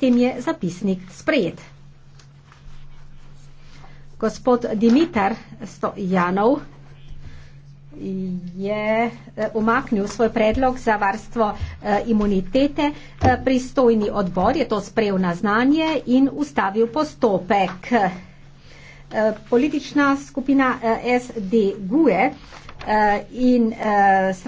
tem je zapisnik sprejet. Gospod Dimitar Stojanov je eh, umaknil svoj predlog za varstvo eh, imunitete. Eh, pristojni odbor je to sprejel na znanje in ustavil postopek. Politična skupina SD Gue in strani